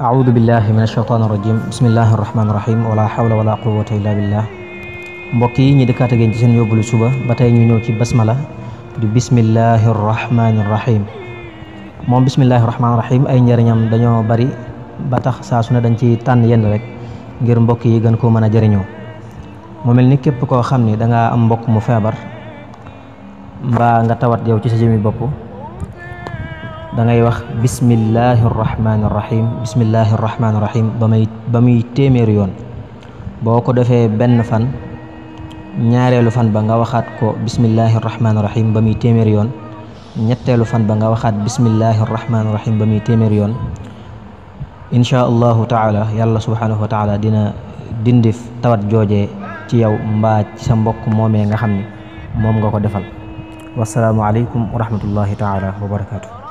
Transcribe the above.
أعوذ Billahi من الشيطان الرجيم بسم الله wa la ولا حول ولا قوة إلا بالله mbokk yi ñi dëkkaat ngeen ci seen yóbbalu suba batay tey ñu ñëw ci basmala di bismillahirrahmanirrahim mom bismillahirrahmanirrahim ay bari ba tax saa dan dañ ci tan yenn rek ngir mbokk yi gën koo mën a jëriñoo mu mel ni képp koo xam ni da nga am mbokk mu febar mba nga tawat yow ci sa jëmi da wax bismillahi rahmaani rahim bismillahi rahmaani rahim ba muy ba muy téeméer yoon boo ko defee benn fan ñaareelu fan ba nga waxaat ko bismillahi rahmaani rahim ba muy téeméer yoon ñetteelu fan ba nga waxaat bismillahi rahmaani rahim ba muy téeméer yoon inchaa allahu taala yàlla subhaanahu wa taala dina dindi tawat joojee ci yow mbaa ci sa mbokk moomee nga xam ni moom nga ko defal wasalaamu aleykum wa rahmatullahi taala